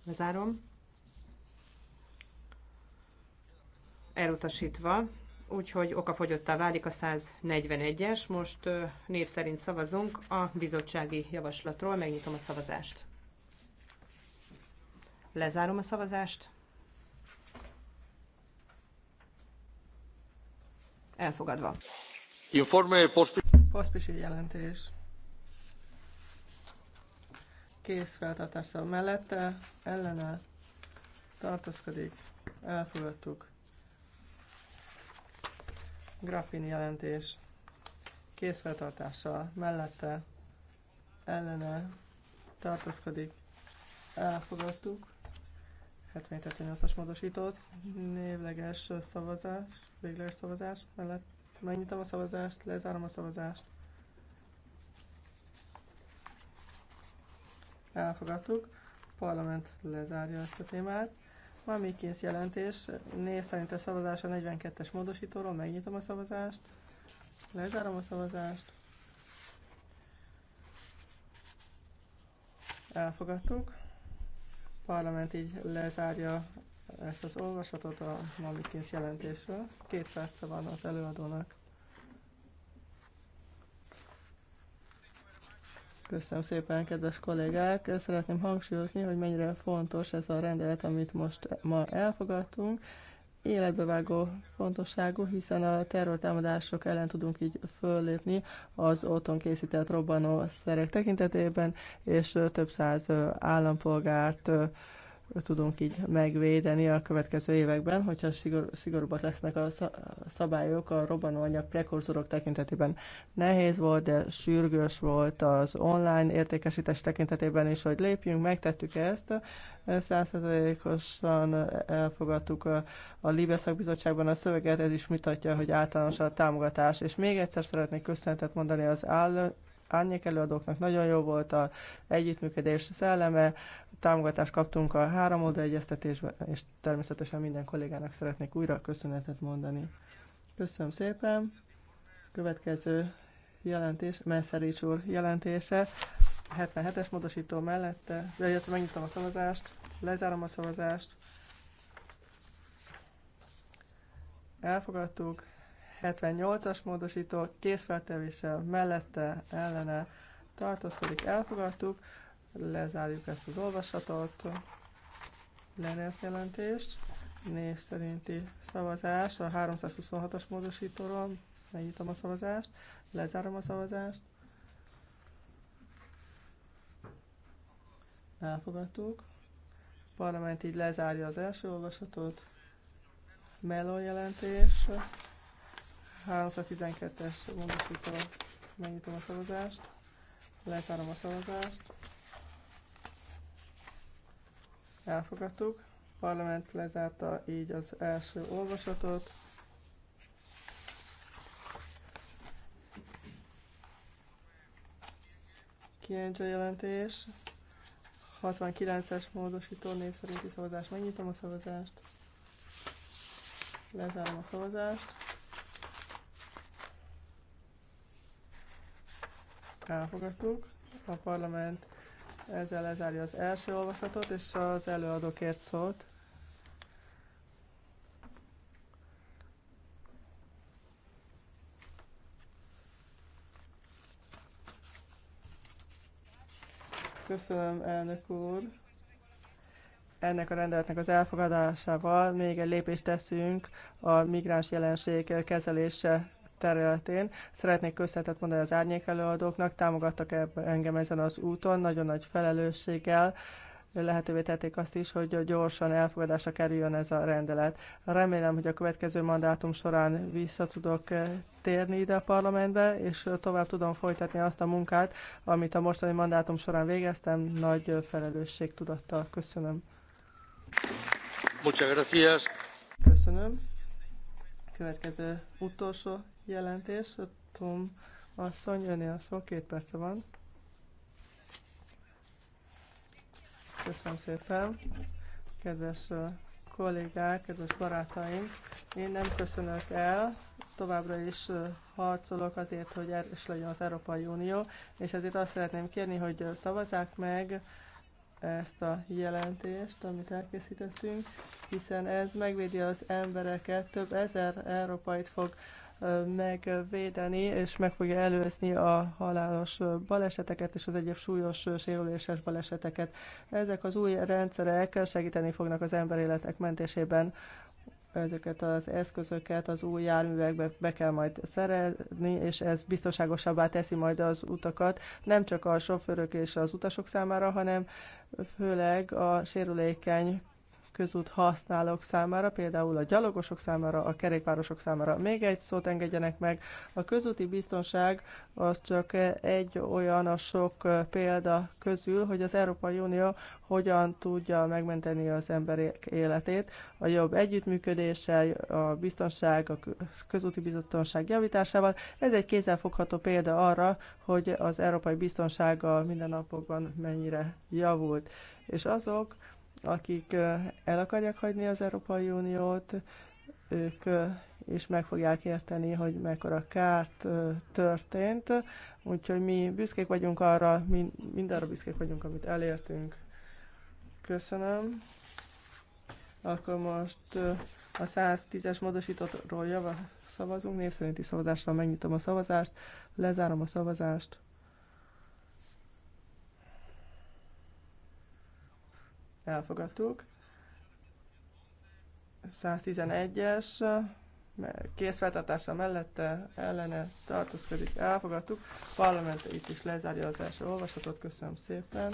C: Lezárom. Elutasítva, úgyhogy okafogyottá válik a 141-es. Most név szerint szavazunk a bizottsági javaslatról, megnyitom a szavazást. Lezárom a szavazást. Elfogadva. Informe
B: Poszpisi jelentés. Kész feltartással mellette, ellene tartózkodik. Elfogadtuk. Grafin jelentés. Kész feltartással mellette, ellene tartózkodik. Elfogadtuk. 77-8-as módosított, névleges szavazás, végleges szavazás mellett. Megnyitom a szavazást, lezárom a szavazást. Elfogadtuk. Parlament lezárja ezt a témát. Van még kész jelentés. Név szerint a szavazás a 42-es módosítóról. Megnyitom a szavazást. Lezárom a szavazást. Elfogadtuk parlament így lezárja ezt az olvasatot a Mamikins jelentésről. Két perce van az előadónak. Köszönöm szépen, kedves kollégák! Szeretném hangsúlyozni, hogy mennyire fontos ez a rendelet, amit most ma elfogadtunk, életbevágó fontosságú, hiszen a terrortámadások ellen tudunk így föllépni az otthon készített robbanószerek tekintetében, és több száz állampolgárt tudunk így megvédeni a következő években, hogyha szigor, szigorúbbak lesznek a szabályok a robbanóanyag prekurzorok tekintetében. Nehéz volt, de sürgős volt az online értékesítés tekintetében is, hogy lépjünk, megtettük ezt. százszerzelékosan elfogadtuk a, a Libia szakbizottságban a szöveget, ez is mutatja, hogy általános a támogatás. És még egyszer szeretnék köszönetet mondani az áll, árnyék előadóknak. Nagyon jó volt a együttműködés szelleme, támogatást kaptunk a három oldal egyeztetésben, és természetesen minden kollégának szeretnék újra köszönetet mondani. Köszönöm szépen. Következő jelentés, Messzerics úr jelentése. 77-es módosító mellette, illetve megnyitom a szavazást, lezárom a szavazást. Elfogadtuk, 78-as módosító készfeltevése mellette ellene tartózkodik, elfogadtuk. Lezárjuk ezt az olvasatot. Leners jelentés, név szerinti szavazás a 326-as módosítóról. Megnyitom a szavazást, lezárom a szavazást. Elfogadtuk. Parlament így lezárja az első olvasatot. melo jelentés, 312-es módosító. Megnyitom a szavazást. Lezárom a szavazást. Elfogadtuk. Parlament lezárta így az első olvasatot. a jelentés. 69-es módosító név szerinti szavazás. Megnyitom a szavazást. Lezárom a szavazást. elfogadtuk. A parlament ezzel lezárja az első olvasatot, és az előadókért szót. Köszönöm, elnök úr. Ennek a rendeletnek az elfogadásával még egy lépést teszünk a migráns jelenség kezelése területén. Szeretnék köszönetet mondani az árnyék előadóknak, támogattak engem ezen az úton, nagyon nagy felelősséggel lehetővé tették azt is, hogy gyorsan elfogadásra kerüljön ez a rendelet. Remélem, hogy a következő mandátum során vissza tudok eh, térni ide a parlamentbe, és tovább tudom folytatni azt a munkát, amit a mostani mandátum során végeztem, nagy felelősség tudattal. Köszönöm.
D: Muchas gracias.
B: Köszönöm. Következő utolsó jelentés, Tom asszony, jönni a szó, két perce van. Köszönöm szépen. Kedves kollégák, kedves barátaim, én nem köszönök el, továbbra is harcolok azért, hogy erős legyen az Európai Unió, és ezért azt szeretném kérni, hogy szavazzák meg ezt a jelentést, amit elkészítettünk, hiszen ez megvédi az embereket, több ezer európait fog megvédeni, és meg fogja előzni a halálos baleseteket és az egyéb súlyos, sérüléses baleseteket. Ezek az új rendszerek segíteni fognak az életek mentésében. Ezeket az eszközöket az új járművekbe be kell majd szerezni, és ez biztonságosabbá teszi majd az utakat, nem csak a sofőrök és az utasok számára, hanem főleg a sérülékeny közút használók számára, például a gyalogosok számára, a kerékpárosok számára. Még egy szót engedjenek meg. A közúti biztonság az csak egy olyan a sok példa közül, hogy az Európai Unió hogyan tudja megmenteni az emberek életét. A jobb együttműködéssel, a biztonság, a közúti biztonság javításával. Ez egy kézzelfogható példa arra, hogy az európai biztonsága napokban mennyire javult. És azok, akik el akarják hagyni az Európai Uniót, ők és meg fogják érteni, hogy mekkora kárt történt. Úgyhogy mi büszkék vagyunk arra, mind, mindenre büszkék vagyunk, amit elértünk. Köszönöm. Akkor most a 110-es módosítottról szavazunk, név szerinti szavazással megnyitom a szavazást, lezárom a szavazást. elfogadtuk. 111-es, készfeltartása mellette ellene tartózkodik, elfogadtuk. Parlament itt is lezárja az első olvasatot, köszönöm szépen.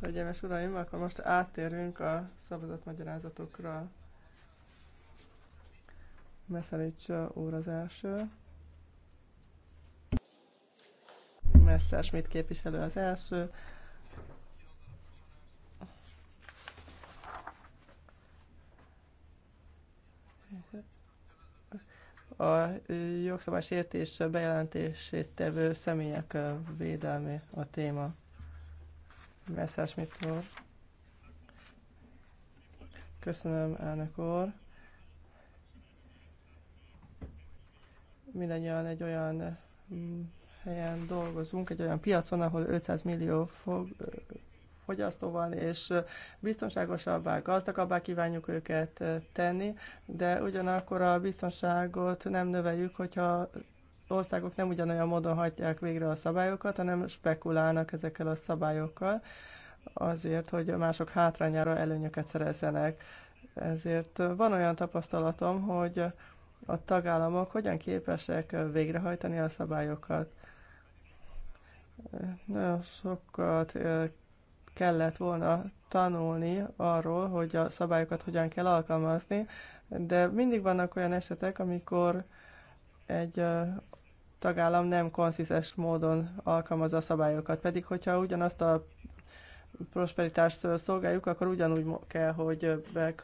B: Hölgyeim és uraim, akkor most áttérünk a szavazatmagyarázatokra. Meszerics úr az első. Messzersmit képviselő az első. a sértés bejelentését tevő személyek védelmi a téma. Messzás úr. Köszönöm, elnök úr. Mindennyian egy olyan mm, helyen dolgozunk, egy olyan piacon, ahol 500 millió fog, fogyasztóval, és biztonságosabbá, gazdagabbá kívánjuk őket tenni, de ugyanakkor a biztonságot nem növeljük, hogyha országok nem ugyanolyan módon hagyják végre a szabályokat, hanem spekulálnak ezekkel a szabályokkal azért, hogy mások hátrányára előnyöket szerezzenek. Ezért van olyan tapasztalatom, hogy a tagállamok hogyan képesek végrehajtani a szabályokat. Nagyon sokat kellett volna tanulni arról, hogy a szabályokat hogyan kell alkalmazni, de mindig vannak olyan esetek, amikor egy tagállam nem konszisztens módon alkalmazza a szabályokat. Pedig, hogyha ugyanazt a prosperitást szolgáljuk, akkor ugyanúgy kell, hogy meg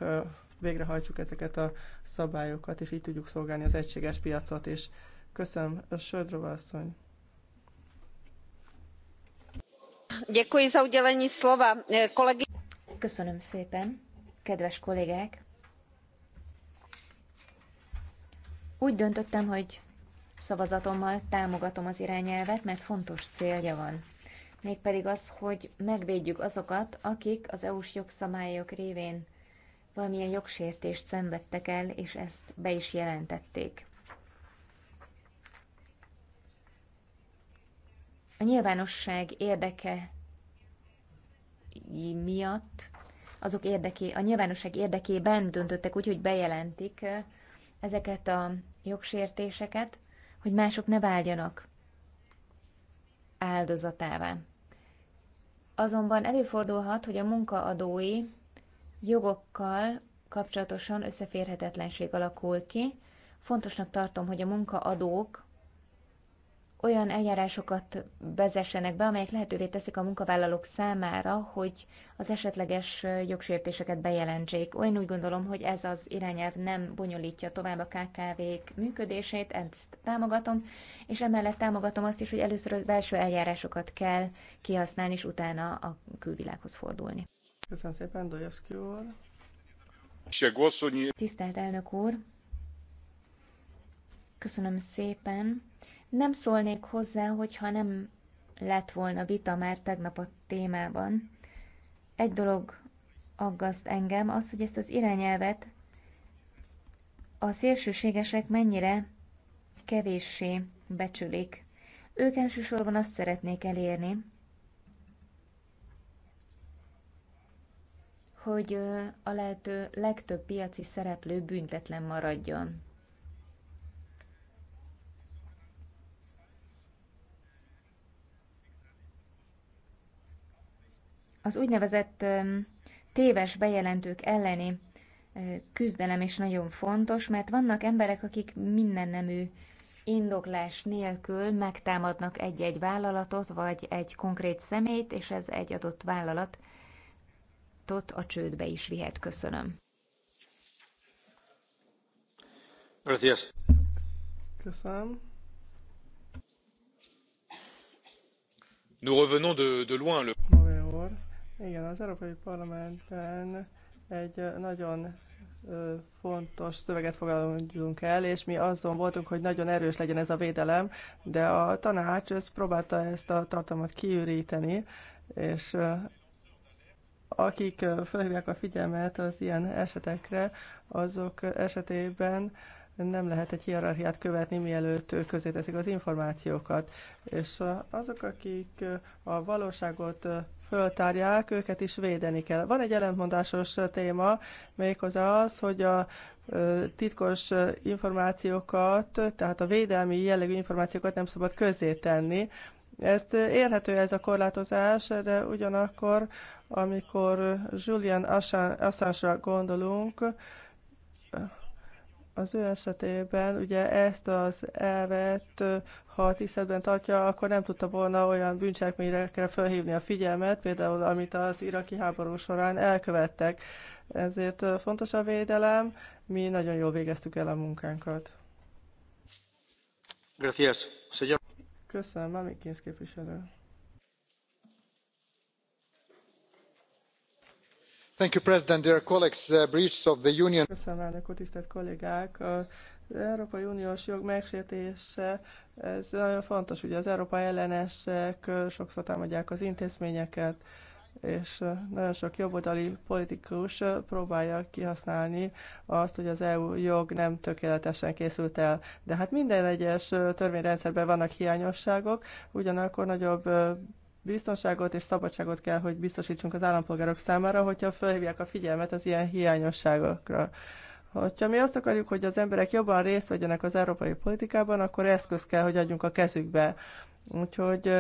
B: végrehajtsuk ezeket a szabályokat, és így tudjuk szolgálni az egységes piacot is. Köszönöm, Södrova asszony!
A: Köszönöm szépen, kedves kollégák! Úgy döntöttem, hogy szavazatommal támogatom az irányelvet, mert fontos célja van. Mégpedig az, hogy megvédjük azokat, akik az EU-s jogszabályok révén valamilyen jogsértést szenvedtek el, és ezt be is jelentették. a nyilvánosság érdeke miatt, azok érdeké, a nyilvánosság érdekében döntöttek úgy, hogy bejelentik ezeket a jogsértéseket, hogy mások ne váljanak áldozatává. Azonban előfordulhat, hogy a munkaadói jogokkal kapcsolatosan összeférhetetlenség alakul ki. Fontosnak tartom, hogy a munkaadók olyan eljárásokat vezessenek be, amelyek lehetővé teszik a munkavállalók számára, hogy az esetleges jogsértéseket bejelentsék. Én úgy gondolom, hogy ez az irányelv nem bonyolítja tovább a KKV-k működését, ezt támogatom, és emellett támogatom azt is, hogy először a belső eljárásokat kell kihasználni, és utána a külvilághoz fordulni. Köszönöm szépen, Dojevszki úr. Tisztelt elnök úr, köszönöm szépen. Nem szólnék hozzá, hogyha nem lett volna vita már tegnap a témában. Egy dolog aggaszt engem, az, hogy ezt az irányelvet a szélsőségesek mennyire kevéssé becsülik. Ők elsősorban azt szeretnék elérni, hogy a lehető legtöbb piaci szereplő büntetlen maradjon. Az úgynevezett téves bejelentők elleni küzdelem is nagyon fontos, mert vannak emberek, akik minden nemű indoklás nélkül megtámadnak egy-egy vállalatot, vagy egy konkrét szemét, és ez egy adott vállalatot a csődbe is vihet. Köszönöm. Gracias. Köszönöm.
D: Nous revenons de, de loin. Le...
B: Igen, az Európai Parlamentben egy nagyon fontos szöveget fogalmazunk el, és mi azon voltunk, hogy nagyon erős legyen ez a védelem, de a tanács ezt próbálta ezt a tartalmat kiüríteni, és akik felhívják a figyelmet az ilyen esetekre, azok esetében nem lehet egy hierarchiát követni, mielőtt közé teszik az információkat. És azok, akik a valóságot föltárják, őket is védeni kell. Van egy ellentmondásos téma, méghozzá az, hogy a titkos információkat, tehát a védelmi jellegű információkat nem szabad közzé tenni. Ezt érhető ez a korlátozás, de ugyanakkor, amikor Julian Assange-ra gondolunk, az ő esetében ugye ezt az elvet, ha tiszteletben tartja, akkor nem tudta volna olyan bűncselekményre kell felhívni a figyelmet, például amit az iraki háború során elkövettek. Ezért fontos a védelem, mi nagyon jól végeztük el a munkánkat.
D: Gracias, señor.
B: Köszönöm, Mamikins képviselő.
D: köszönöm
B: elnök úr tisztelt kollégák! az európai uniós jog megsértése ez nagyon fontos ugye az európa ellenesek sokszor támadják az intézményeket és nagyon sok jobboldali politikus próbálja kihasználni azt, hogy az EU jog nem tökéletesen készült el. De hát minden egyes törvényrendszerben vannak hiányosságok, ugyanakkor nagyobb Biztonságot és szabadságot kell, hogy biztosítsunk az állampolgárok számára, hogyha felhívják a figyelmet az ilyen hiányosságokra. Ha mi azt akarjuk, hogy az emberek jobban részt vegyenek az európai politikában, akkor eszköz kell, hogy adjunk a kezükbe. Úgyhogy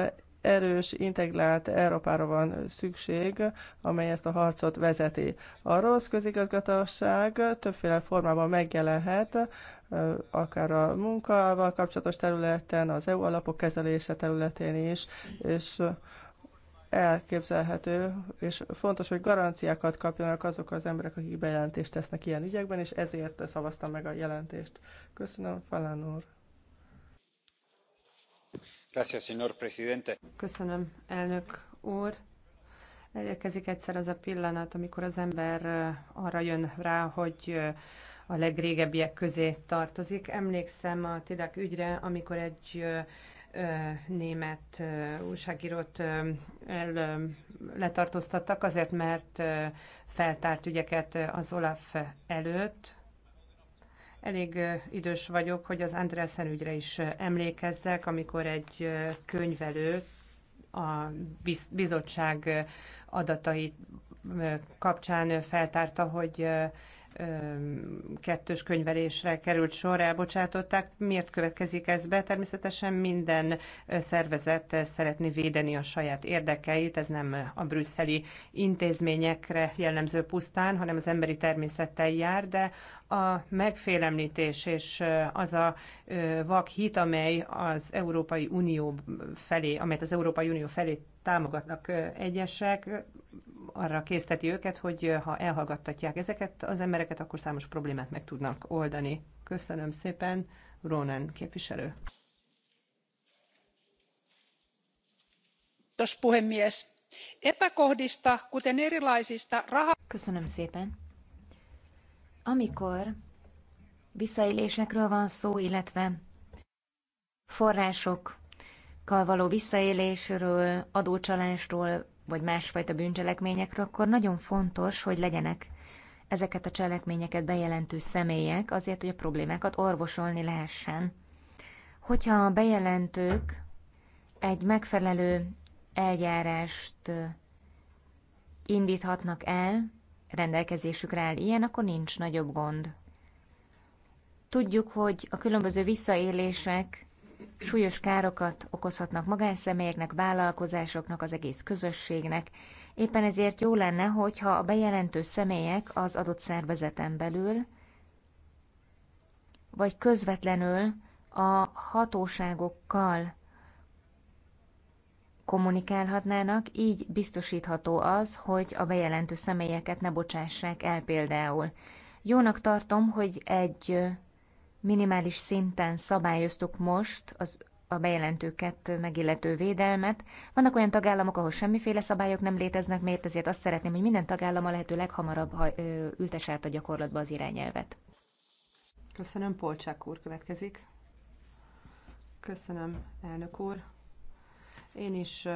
B: erős, integrált Európára van szükség, amely ezt a harcot vezeti. A rossz közigazgatásság többféle formában megjelenhet, akár a munkával kapcsolatos területen, az EU alapok kezelése területén is, és elképzelhető, és fontos, hogy garanciákat kapjanak azok az emberek, akik bejelentést tesznek ilyen ügyekben, és ezért szavaztam meg a jelentést. Köszönöm,
C: Falán úr! Köszönöm, elnök úr. Elérkezik egyszer az a pillanat, amikor az ember arra jön rá, hogy a legrégebbiek közé tartozik. Emlékszem a Tidák ügyre, amikor egy német újságírót el, letartóztattak azért, mert feltárt ügyeket az Olaf előtt, Elég idős vagyok, hogy az Andreasen ügyre is emlékezzek, amikor egy könyvelő a bizottság adatai kapcsán feltárta, hogy kettős könyvelésre került sor, elbocsátották. Miért következik ez be? Természetesen minden szervezet szeretné védeni a saját érdekeit, ez nem a brüsszeli intézményekre jellemző pusztán, hanem az emberi természettel jár, de a megfélemlítés és az a vak hit, amely az Európai Unió felé, amelyet az Európai Unió felé támogatnak egyesek, arra készteti őket, hogy ha elhallgattatják ezeket az embereket, akkor számos problémát meg tudnak oldani. Köszönöm szépen, Ronan képviselő.
A: Köszönöm szépen. Amikor visszaélésekről van szó, illetve forrásokkal való visszaélésről, adócsalásról, vagy másfajta bűncselekményekről, akkor nagyon fontos, hogy legyenek ezeket a cselekményeket bejelentő személyek, azért, hogy a problémákat orvosolni lehessen. Hogyha a bejelentők egy megfelelő eljárást indíthatnak el, rendelkezésükre áll ilyen, akkor nincs nagyobb gond. Tudjuk, hogy a különböző visszaélések súlyos károkat okozhatnak magánszemélyeknek, vállalkozásoknak, az egész közösségnek. Éppen ezért jó lenne, hogyha a bejelentő személyek az adott szervezeten belül, vagy közvetlenül a hatóságokkal kommunikálhatnának, így biztosítható az, hogy a bejelentő személyeket ne bocsássák el például. Jónak tartom, hogy egy minimális szinten szabályoztuk most az a bejelentőket megillető védelmet. Vannak olyan tagállamok, ahol semmiféle szabályok nem léteznek, miért ezért azt szeretném, hogy minden tagállam a lehető leghamarabb ha, ö, ültesse át a gyakorlatba az irányelvet.
C: Köszönöm, Polcsák úr következik. Köszönöm, elnök úr. Én is